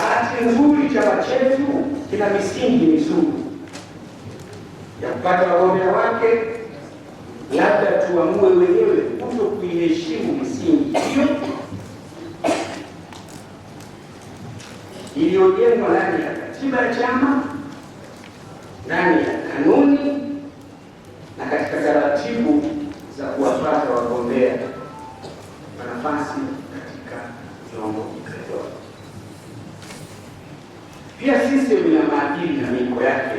Bahati nzuri chama chetu kina misingi mizuri ya kupata wagombea wake, labda tuamue wenyewe kuto kuiheshimu misingi hiyo iliyojengwa ndani ya katiba ya chama, ndani ya kanuni na katika taratibu za kuwapata wagombea na nafasi katika viongozi vya dola. Pia system ina maadili na miko yake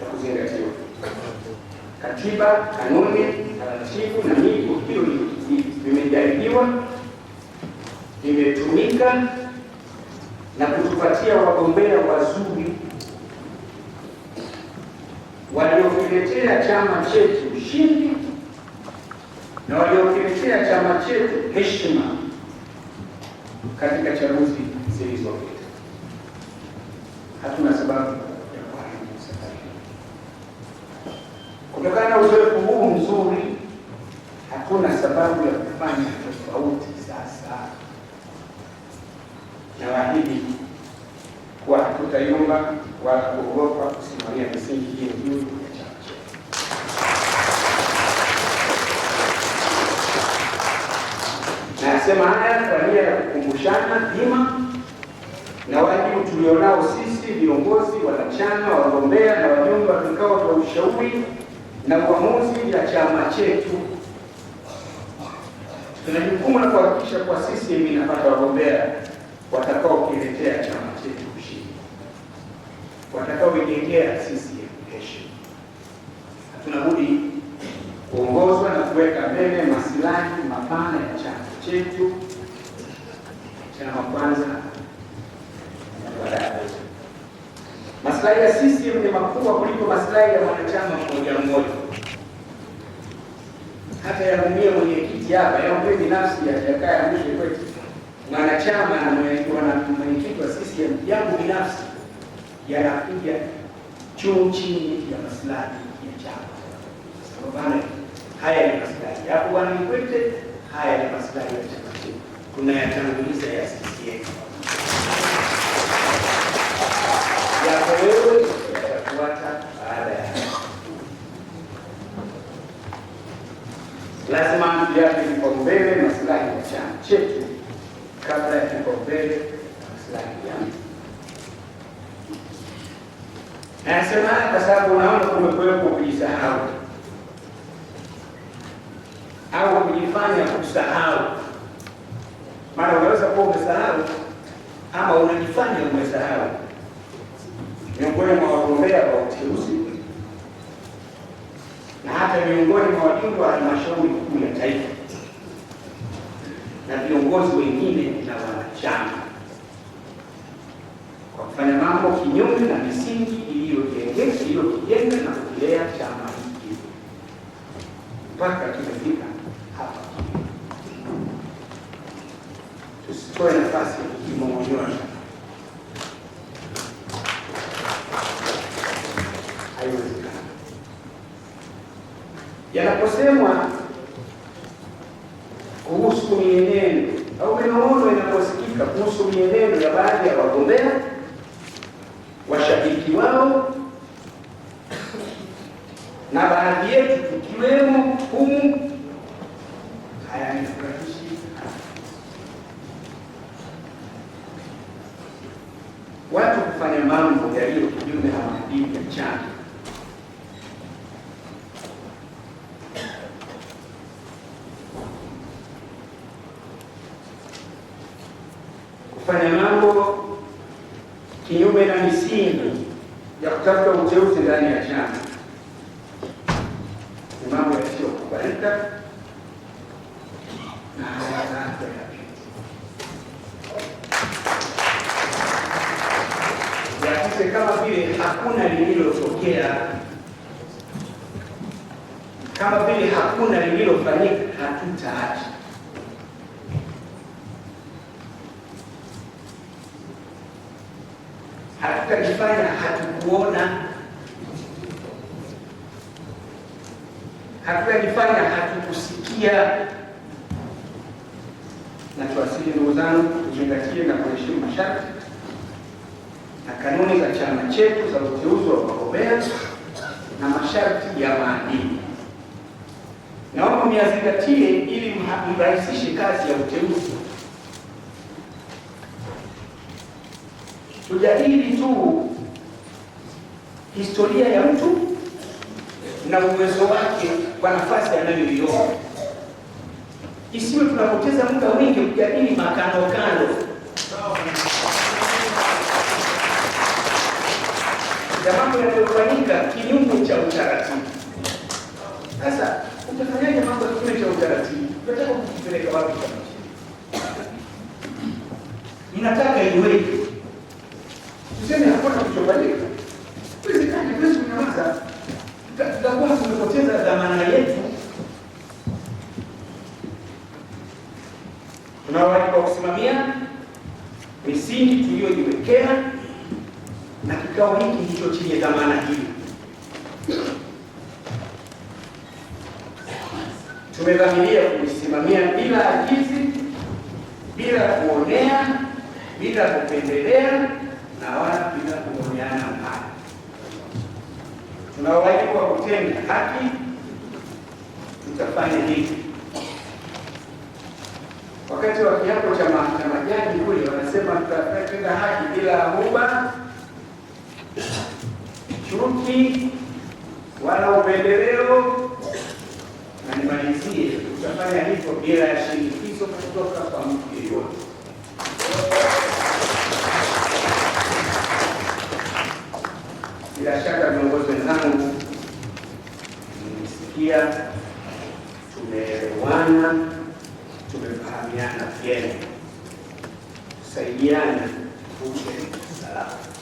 ya kuzingatiwa: katiba, kanuni, taratibu na miko Hilo vimejaribiwa, vimetumika na kutupatia wagombea wazuri waliokiletea chama chetu ushindi na waliokiletea chama chetu heshima katika chaguzi zilizopita. Hatuna sababu ya kuharibu safari hii. Kutokana na uzoefu huu mzuri, hakuna sababu ya kufanya tofauti sasa. Nawaahidi kuwa hatutayumba wala kuogopa kusimamia misingi hii juu Nasema haya kwa nia ya kukumbushana dhima na wajibu tulionao sisi viongozi, wanachama, wagombea na wajumbe wa vikao vya ushauri na uamuzi vya chama chetu, tuna jukumu la kuhakikisha kwa CCM inapata wagombea watakaokiletea chama chetu ushindi, watakaoijengea CCM heshima. Hatuna budi kuongozwa na kuweka mbele masilahi mapana ya chama chetu, chama kwanza Maslahi ya CCM ni makubwa kuliko maslahi ya mwanachama mmoja mmoja. Hata yaumie mwenyekiti hapa yaumie binafsi ya ya mwisho kwetu, mwanachama na mwenyekiti wa CCM yangu binafsi yanakuja juu chini ya maslahi ya chama. Sababu haya ni maslahi yako Bwana Kikwete, haya ni maslahi ya chama chetu, tunayatanguliza ya CCM. yako wewe yatafuata baada ya hapo. Lazima tuyape kipaumbele maslahi ya chama chetu kabla ya kipaumbele maslahi ya Nasema haya kwa sababu unaona kumekuwepo kujisahau au kujifanya kusahau. Maana unaweza kuwa umesahau ama unajifanya umesahau miongoni mwa wagombea wa uteuzi na hata miongoni mwa wajumbe wa halmashauri kuu ya taifa na viongozi wengine na wanachama kwa kufanya mambo kinyume na haiwezekani. Yanaposemwa kuhusu mienendo au minong'ono inaposikika kuhusu mienendo ya baadhi ya wagombea, washabiki wao na baadhi yetu tukiwemo humu, hayanifurahishi. Watu kufanya mambo yaliyo kinyume na maadili ya chama kufanya mambo kinyume na misingi ya kutafuta uteuzi ndani ya chama ni mambo yasiyokubalika na hayaanza yakise kama vile hakuna lililotokea, kama vile hakuna lililofanyika, hatutaacha hatutalifanya hatukuona, hatutalifanya hatukusikia. Na tuwasili ndugu zangu, tuzingatie na kuheshimu masharti na kanuni za chama chetu za uteuzi wa wagombea na masharti ya maadili. Naomba myazingatie ili mrahisishe kazi ya uteuzi. tujadili tu historia ya mtu na uwezo wake kwa nafasi anayoiona, isiwe tunapoteza muda mwingi kujadili makano kano. ya mambo yanayofanyika kinyume cha utaratibu. Sasa utafanyaje mambo kinyume cha utaratibu? Tunataka kukipeleka wapi? Ninataka iweke hakuna kilichobadilika. Haiwezekani, huwezi kunyamaza, tutakuwa tumepoteza dhamana yetu. Tuna wajibu wa kusimamia misingi tuliyojiwekea, na kikao hiki ndicho chenye dhamana hii. Tumedhamiria kuisimamia bila ajizi, bila kuonea, bila kupendelea na wala bila kuoneana mbali. Tuna wajibu wa kutenda haki, tutafanya hivi. Wakati wa kiapo cha majaji kule wanasema tutatenda haki bila huba, chuki wala upendeleo, na nimalizie, tutafanya hivyo bila shida pia tumeelewana, tumefahamiana vyema, tusaidiane kuke salama.